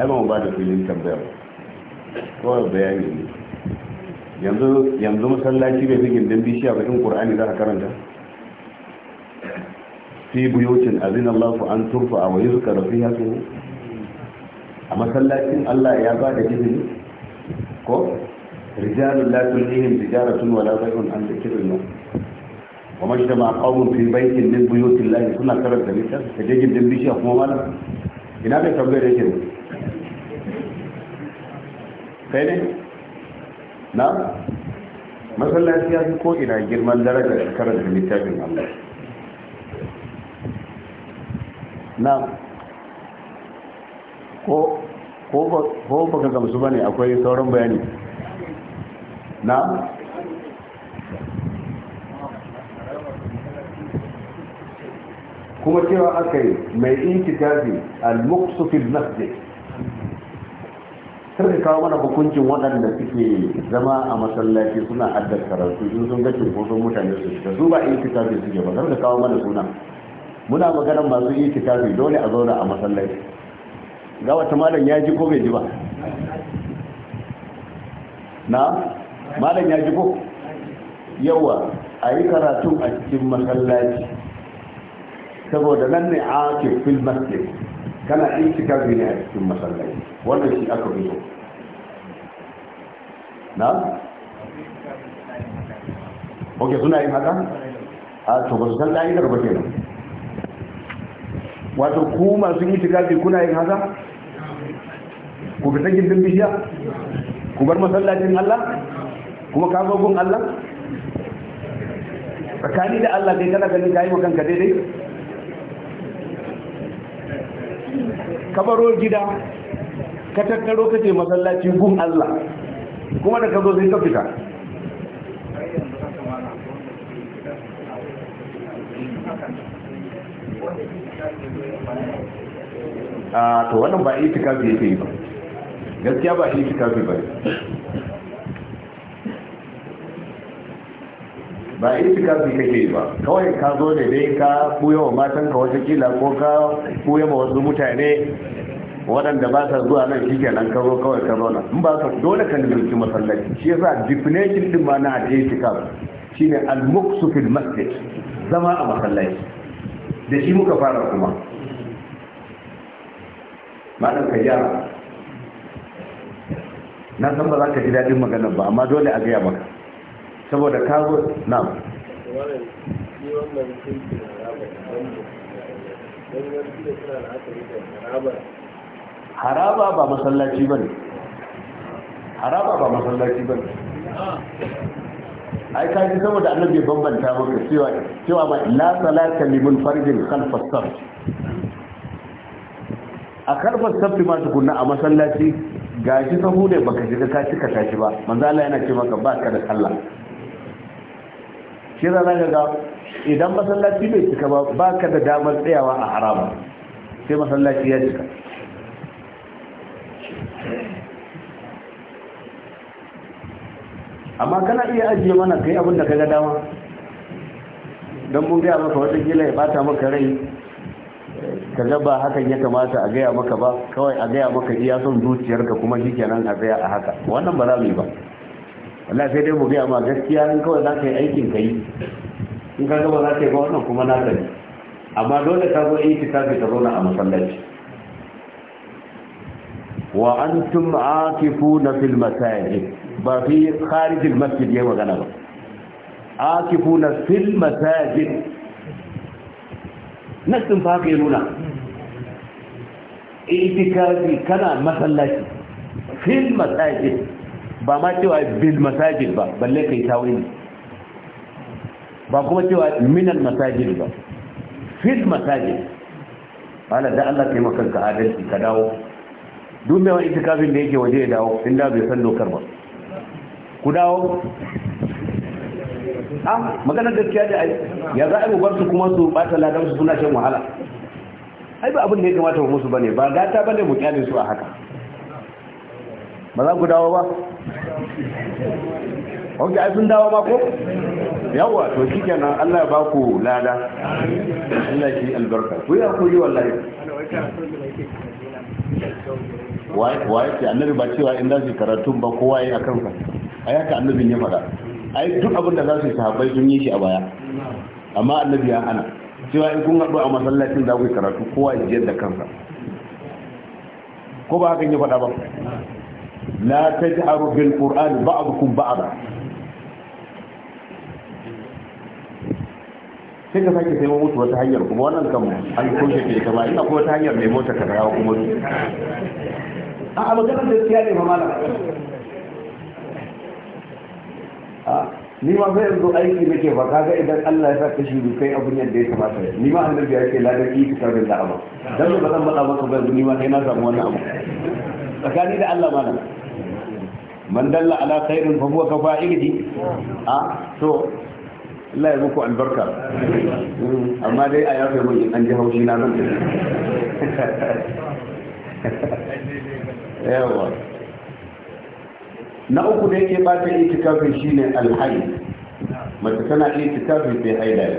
ai ba mu ba da filin tambayar kawai bayani ne yanzu yanzu masallaci bai zigin don bishiya ba in qur'ani za a karanta fi buyocin azin Allah an turfa suka rafi ya sunan a masallacin Allah ya ba da jini ko rijalun ihin tijara tun wala bai'un an dhikrillah wa majtama qawmun fi din min buyutillah suna karanta littafin kajejin din bishiya kuma mana ina bai tambayar yake ne sai ne na masallaci ya fi ko ina girman daraja da da littafin Allah na ko ba ka gamsu ba ne akwai sauran bayani na kuma cewa aka yi mai inci tafi al-muqsu fil kar ka kawo mana hukuncin waɗanda suke zama a masallaci suna addar karatu in sun ga cunkoson mutane su shiga su ba a itikafi suke ba kar ka kawo mana suna muna maganar masu itikafi dole a zauna a masallaci ga wata malam ya ji ko bai ji ba na malam ya ji ko yawa a yi karatun a cikin masallaci saboda nan ne a ke fil masjid kana itikafi ne a cikin masallaci wannan shi aka bi na ok suna yin haka a to ba su san ka'idar ba kenan wato ku masu itikafi kuna yin haka ku fita gindin bishiya ku bar masallacin Allah kuma ka Allah tsakani da Allah dai kana ganin yi wa kanka daidai ka baro gida ka tattaro ka ce masallaci gun Allah kuma da ka zo sai ka fita a ah, to wannan ba itikafi yake yi ba gaskiya ba itikafi ba ba itikafi kake ba kawai ka zo ne dai ka kuya wa matanka watakila ko ka kuya ma wasu mutane waɗanda ba sa zuwa nan shi kenan ka zo kawai ka zauna in ba ka dole ka jirgin masallaci shi ya sa definition din ma na itikaf shine al-muqsu fil masjid zama a masallaci da shi muka fara kuma malam ka gyara na san ba za ka ji daɗin maganar ba amma dole a gaya maka saboda kago na haraba ba masallaci ba ne haraba ba masallaci ba ne ai ka ji saboda annabi ya bambanta maka cewa cewa ba la salata limun farjin khalfas saf a khalfas saf ma tukunna a masallaci gashi sahu ne baka shiga ka cika tashi ba manzo Allah yana ce maka ka da sallah shi na ga idan masallaci bai cika ba ba ka da damar tsayawa a harama sai masallaci ya cika amma kana iya ajiye mana kai abin da ka ga dama don mun gaya maka wata gila ya bata maka rai ka ga ba hakan ya kamata a gaya maka ba kawai a gaya maka iya son zuciyarka kuma shi kenan a tsaya a haka wannan ba za mu yi ba wallah sai dai mu gaya ma gaskiya in kawai za ka yi aikin ka yi in ka gaba za ka yi ba wannan kuma na sani amma dole ka zo yi tafi ka zauna a masallaci wa an tun akifu na fil masajid ba fi kharijin masjid ya magana ba akifu na fil masajid nassin fa ka nuna itikafi kana masallaci fil masajid ba ma cewa bil masajid ba balle kai tawili ba kuma cewa minan masajid ba fil masajid wala da Allah kai maka ka adalci ka dawo duk mai wani itikafin da yake waje ya dawo in da bai san dokar ba ku dawo a ah, maganar gaskiya da ai ya za a yi su kuma su bata ladan su suna shan wahala ai ba abin da ya kamata musu bane ba gata bane mu kyale su a haka ba za ku dawo ba ok ai sun dawo mako yawa to shi kenan allah ba ku lada allah shi albarka ku yi hakuri wallahi waye ce annabi ba cewa in za su karatun ba kowa ya akan ka a yaka annabin ya faɗa yi duk abin da za su yi sahabbai sun yi shi a baya amma annabi ya ana cewa in kun haɗu a masallacin za ku yi karatu kowa ya jiyar da kansa ko ba hakan ya faɗa ba لا تجهروا بالقرآن بعضكم بعضا sai ka sake taimakon mutu wata hanyar kuma wannan kan an kushe ke kama ina kuma ta hanyar nemo ta kara kuma su a a maganar da siya ne mamala ni ma sai yanzu aiki nake ba kaga idan Allah ya saka shi shiru kai abun yadda ya kamata ni ma annabi ya la da ki ka da Allah dan ba zan faɗa maka ba ni ma kai na samu wannan abu tsakani da Allah malam man dalla ala khairin fa huwa kafa'ilihi a to Allah ya muku albarka hmm, amma dai a yafe mun an ji haushi na nan yawa na uku da yake bata itikafin shine alhayy mace tana itikafin sai haila ne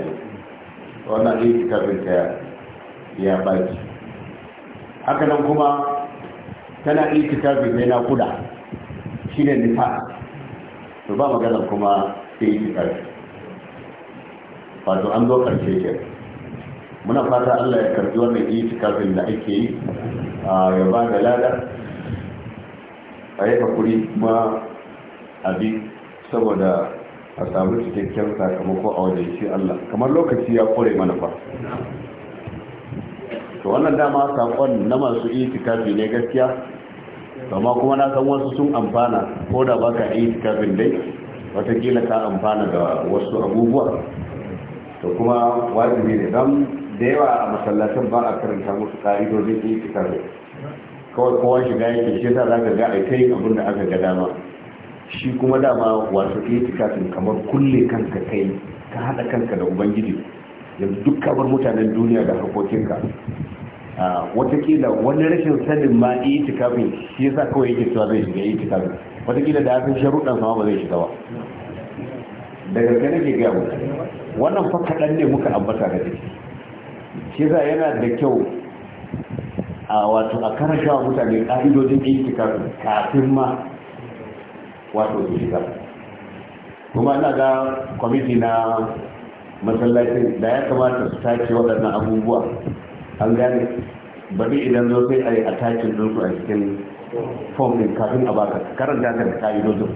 wannan itikafin ta ya baki haka nan kuma tana itikafin sai na kuda shi ne nifa to ba magana kuma sai yi ƙarfi wato an zo ƙarshe ke muna fata allah ya karbi wannan itikafin da ake yi a yaba, da lada a yi hakuri kuma abi saboda a samu cikakken sakamako a wajen shi Allah kamar lokaci ya kore mana ba to wannan dama sakon na masu itikafi ne gaskiya amma kuma na san wasu sun amfana ko da ba ka yi kafin dai watakila ka amfana da wasu abubuwa to kuma wajibi ne dan da yawa a masallacin ba a karanta musu ka'idodin yi kafin kawai kowa shiga yake shi yasa za ka ga a kai abin da aka ga dama shi kuma dama wato yi kafin kamar kulle kanka kai ka haɗa kanka da ubangiji yanzu duk kamar mutanen duniya da harkokinka watakila wani rashin sanin ma itikafin shi yasa kawai yake cewa zai shiga itikafin watakila da hafin sharuɗan sama ba zai shiga ba daga gane ke gaya wannan fa kaɗan ne muka ambata da ciki shi yasa yana da kyau a wato a karanta mutane ƙa'idodin itikafin kafin ma wato su shiga kuma ina ga kwamiti na masallacin da ya kamata su tace waɗannan abubuwa an gane bari idan zo sai a yi attachin ɗinsu a cikin fom din kafin a baka karanta ka da ka'idodin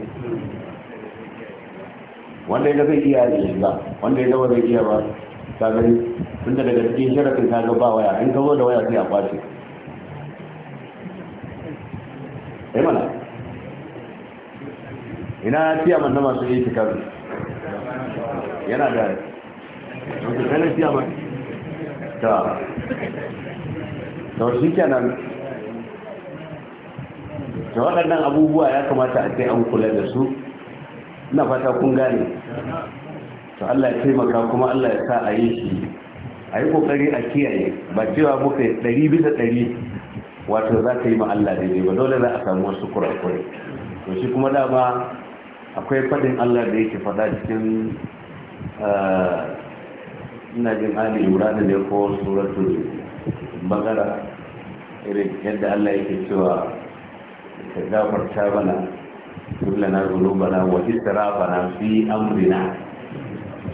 wanda ya zai iya da shiga wanda ya zai iya ba ta gani da daga cikin sharafin ta ga ba waya in ka zo da waya sai a kwashe ya eh mana ina siya na masu yi tikar yana da wasu kanin manna ta to shi kenan da waɗannan abubuwa ya kamata a kai an kula da su na fata kun gane to Allah ya taimaka kuma Allah ya sa a yi shi a yi kokari a kiyaye ba cewa muka yi ɗari bisa ɗari wato za ka yi ma Allah daidai ba dole za a samu wasu kurakurai to shi kuma dama akwai faɗin Allah da yake faɗa cikin eh, ina jin ali da ne ko suratu bakara irin yadda Allah yake cewa ka gafarta bana na kullana bana wa na fi amrina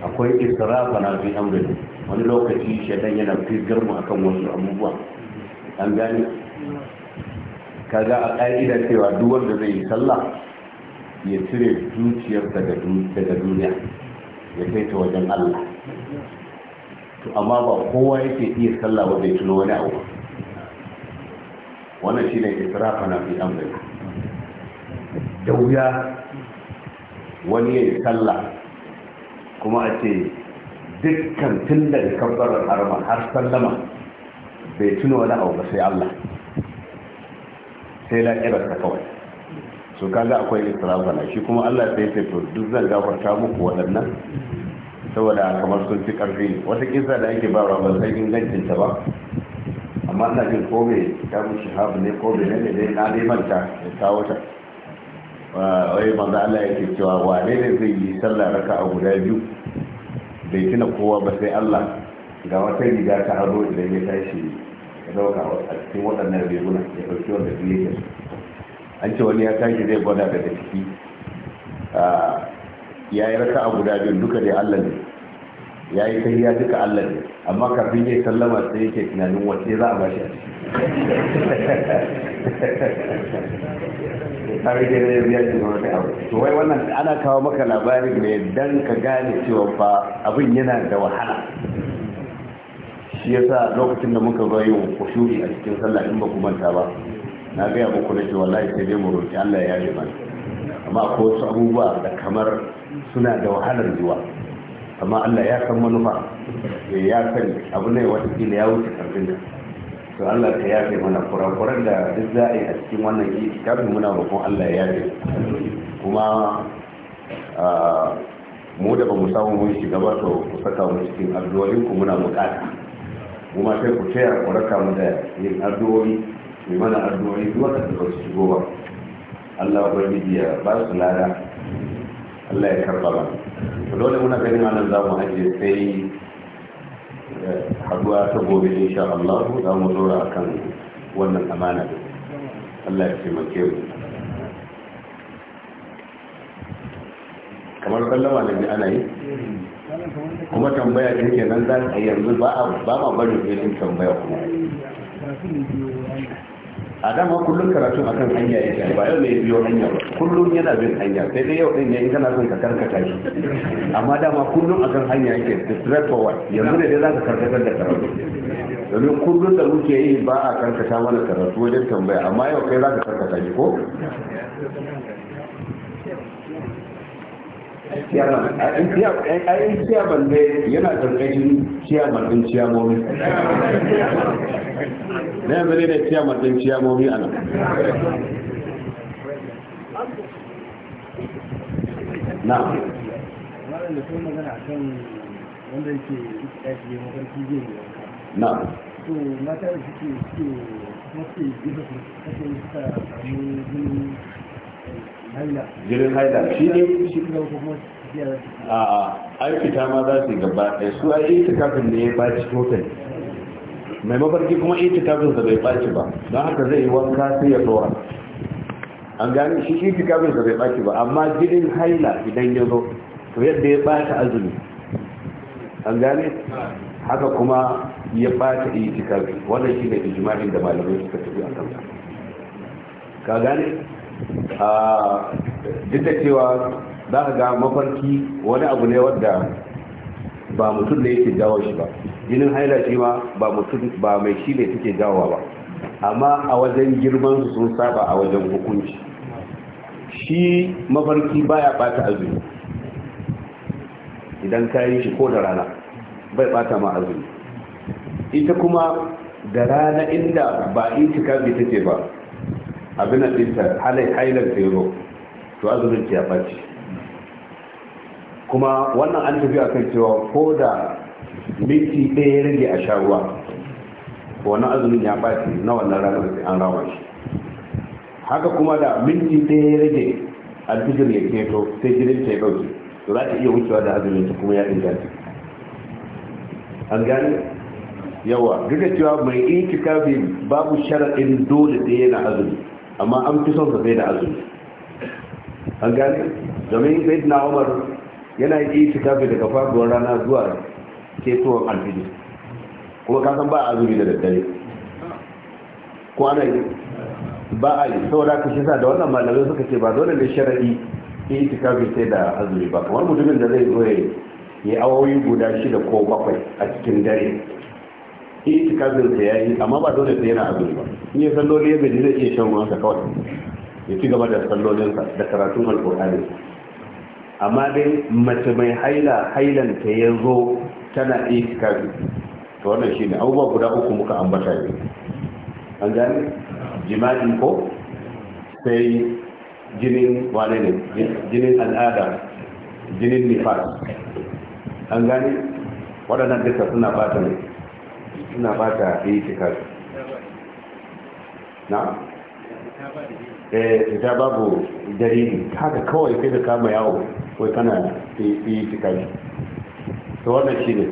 akwai na fi amrina wani lokaci shaitan yana fi garmu akan wasu abubuwa an gani kaga a ƙa'ida cewa duk wanda zai yi sallah ya cire zuciyar daga duniya ya kai ta wajen Allah to amma ba kowa yake iya sallah ba bai tuno wani abu wannan shine israfa na fi amri da wuya wani ya yi sallah kuma a ce dukkan tun da kabbar harma har sallama bai tuno wani abu ba sai Allah sai ta kawai su kaga akwai israfa na shi kuma Allah sai ce to duk zan gafarta muku waɗannan saboda kamar sun fi ƙarfi wata kisa da ake ba ban san ingancinta ba amma ina jin kome ta mushi habu ne kome ne dai na neman ta ya kawo ta wai manzo Allah yake cewa wane ne zai yi sallah raka a guda biyu bai tuna kowa ba sai Allah ga wata riga ta hazo idan ya tashi ya dauka a cikin waɗannan riguna ya ɗauki wanda zai yake an ce wani ya tashi zai gwada daga ciki ah, ya yi raka a guda biyu duka da Allah ne ya yi tahiya duka Allah ne amma kafin ya sallama sai yake tunanin wace za a bashi a ciki tare da ya biya shi wani abu to wai wannan ana kawo maka labari ne dan ka gane cewa fa abin yana da wahala shi yasa lokacin da muka zo yin kushuri a cikin sallah in ba ku manta ba na gaya muku na ce wallahi sai dai mu roƙi Allah ya yi mana amma akwai wasu abubuwa da kamar suna da wahalar zuwa amma Allah ya san manufa ya san abu ne watakila ya wuce karfin da to Allah ta yafe mana kurakuran da duk za a yi a cikin wannan kafin muna roƙon Allah ya yi kuma mu da ba mu samu mun shiga ba to ku saka mu cikin addu'o'in ku muna buƙata kuma sai ku taya ku raka mu da yin addu'o'i mai mana addu'o'i duk wata da ba su shigo ba Allah ubangiji ya ba su lada Allah ya karba ba dole muna ganin anan za mu ajiye sai eh, haduwa ta gobe insha Allah za mu zora akan wannan amana Allah ya taimake mu kamar sallama da bi ana yi kuma tambaya din nan za a yanzu ba ma barin filin tambaya kuma a dama kullum karatu akan hanya yake ba yau mai biyo hanya kullum yana bin hanya sai dai yau din ne kana son ka karkata shi amma dama kullum akan hanya yake straight forward yanzu ne dai ka karkatar da karatu domin kullum da muke yi ba a karkata mana karatu wajen tambaya amma yau kai ka karkata shi ko ayin ciyaman ne yana ƙarƙashin ciyaman ɗin ciyamomi na yanzu ne da ciyaman ɗin ciyamomi a nan na wanda yake ya mafarki zai yi na to mata da suke suke mafi gida su suka samu jirin haila shi ne shi a ai fita ma za su gaba ɗaya su a yi itikafin da ya baci total mai mafarki kuma itikafin da bai baci ba don haka zai yi wanka sai ya tsora an gani shi yi itikafin da bai baci ba amma jirin haila idan ya zo to yadda ya bata azumi an gane haka kuma ya bata itikafi wannan shi ne ijma'in da malamai suka tafi a kan ka gane duk da cewa za ka ga mafarki wani abu ne wadda ba mutum ne yake jawo shi ba jinin haila shi ma ba mutum ba mai shi ne take jawowa ba amma a wajen girman su sun saba a wajen hukunci shi mafarki baya bata azumi idan ka yi shi ko da rana bai bata ma azumi ita kuma da rana inda ba in cika take ba abin da ɗinta halai hailar tero to azumin ya ɓace kuma wannan an tafi akan cewa ko da minti ɗaya rage a sha ruwa wannan azumin ya ɓace na wannan ranar sai an rama shi haka kuma da minti ɗaya rage alfijir ya keto sai gidan ta ya ɗauke to za ta iya wucewa da azumin ta kuma ya inganta an gane yawa duk da cewa mai itikafi babu sharaɗin dole ɗaya na azumi amma an fi son sa sai da azumi an gane domin sai na umar yana yi itikafi daga faduwar rana zuwa ketowar alfiji kuma ka san ba azumi da daddare kwanayi ba a yi saboda ka shi sa da wannan malamai suka ce ba dole ne shara'i yi itikafi sai da azumi ba kamar mutumin da zai zo ya yi awowi guda shida ko bakwai a cikin dare itikazin sa yayi amma ba dole sai yana azumi ba in ya salloli ya gaji zai iya shan ruwan sa kawai ya ci gaba da sallolin sa da karatun alqur'ani amma dai mace mai haila hailan ta ya zo tana itikazi to wannan shine abubuwa guda uku muka ambata ne an gane jima'i ko sai jinin wane ne jinin al'ada jinin nifas an gane waɗannan duka suna fata ne suna ba ta itikaf na eh ta babu dalili haka kawai kai da kama yawo ko kana itikaf to wannan ne,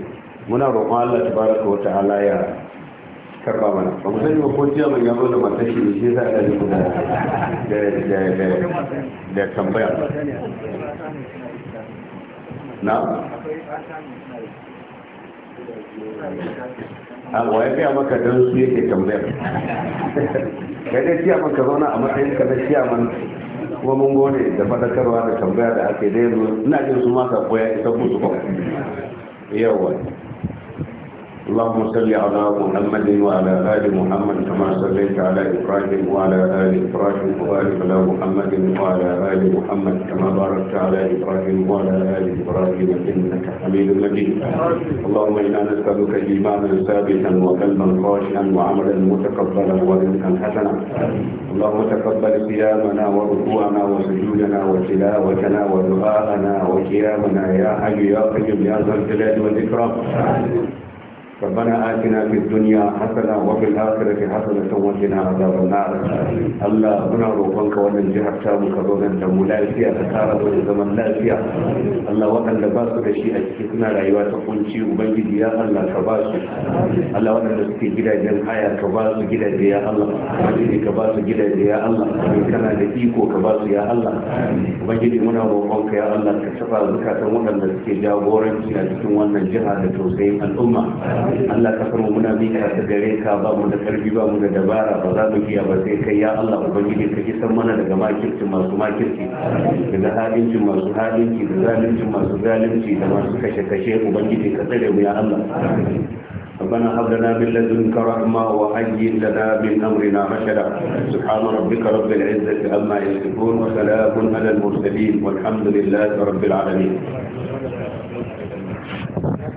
muna roƙon Allah ta baraka wata halaya karba mana ba mu sani ko jiya mai yabo da mata shi ne shi za a yi da da tambaya na a waye a maka don su yake tambayar kai dai ciya maka zauna a matsayin ka na ciya man kuma mun gode da fadakarwa da tambaya da ake dai ina jin su maka koya isa musu ba Yawwa. اللهم صل على محمد وعلى آل محمد كما صليت على إبراهيم وعلى آل إبراهيم وبارك على محمد وعلى آل محمد كما باركت على إبراهيم وعلى آل إبراهيم إنك حميد مجيد اللهم إنا نسألك إيمانا ثابتا وقلبا خاشعا وعملا متقبلا ورزقا حسنا اللهم تقبل صيامنا وركوعنا وسجودنا وتلاوتنا ودعاءنا وقيامنا يا حي يا قيوم يا ذا الجلال والإكرام ربنا آتنا في الدنيا حسنة وفي الآخرة حسنة وقنا عذاب النار الله هنا روحك wannan jihar ta muka zo nan lafiya da tsara da zaman lafiya Allah waɗanda ba su da shi a cikin suna rayuwa ta kunci ubangiji ya Allah ka ba su Allah waɗanda suke gidajen haya ka ba su gidaje ya Allah ubangiji ka ba su gidaje ya Allah kana da iko ka ba su ya Allah ubangiji muna ya Allah ka tafa waɗanda suke jagoranci a cikin wannan jiha da tausayin al'umma Allah ka farmu muna mika ta gare ka ba mu da karfi ba mu da dabara ba za mu iya ba sai kai ya Allah ubangiji ka san mana daga makirci masu makirci daga halinci masu halinci da zalunci masu zalunci da masu kashe kashe ubangiji ka tsare mu ya Allah ربنا هب لنا من لدنك رحمة وهيئ لنا من أمرنا رشدا سبحان ربك رب العزة عما يصفون وسلام على المرسلين والحمد لله رب العالمين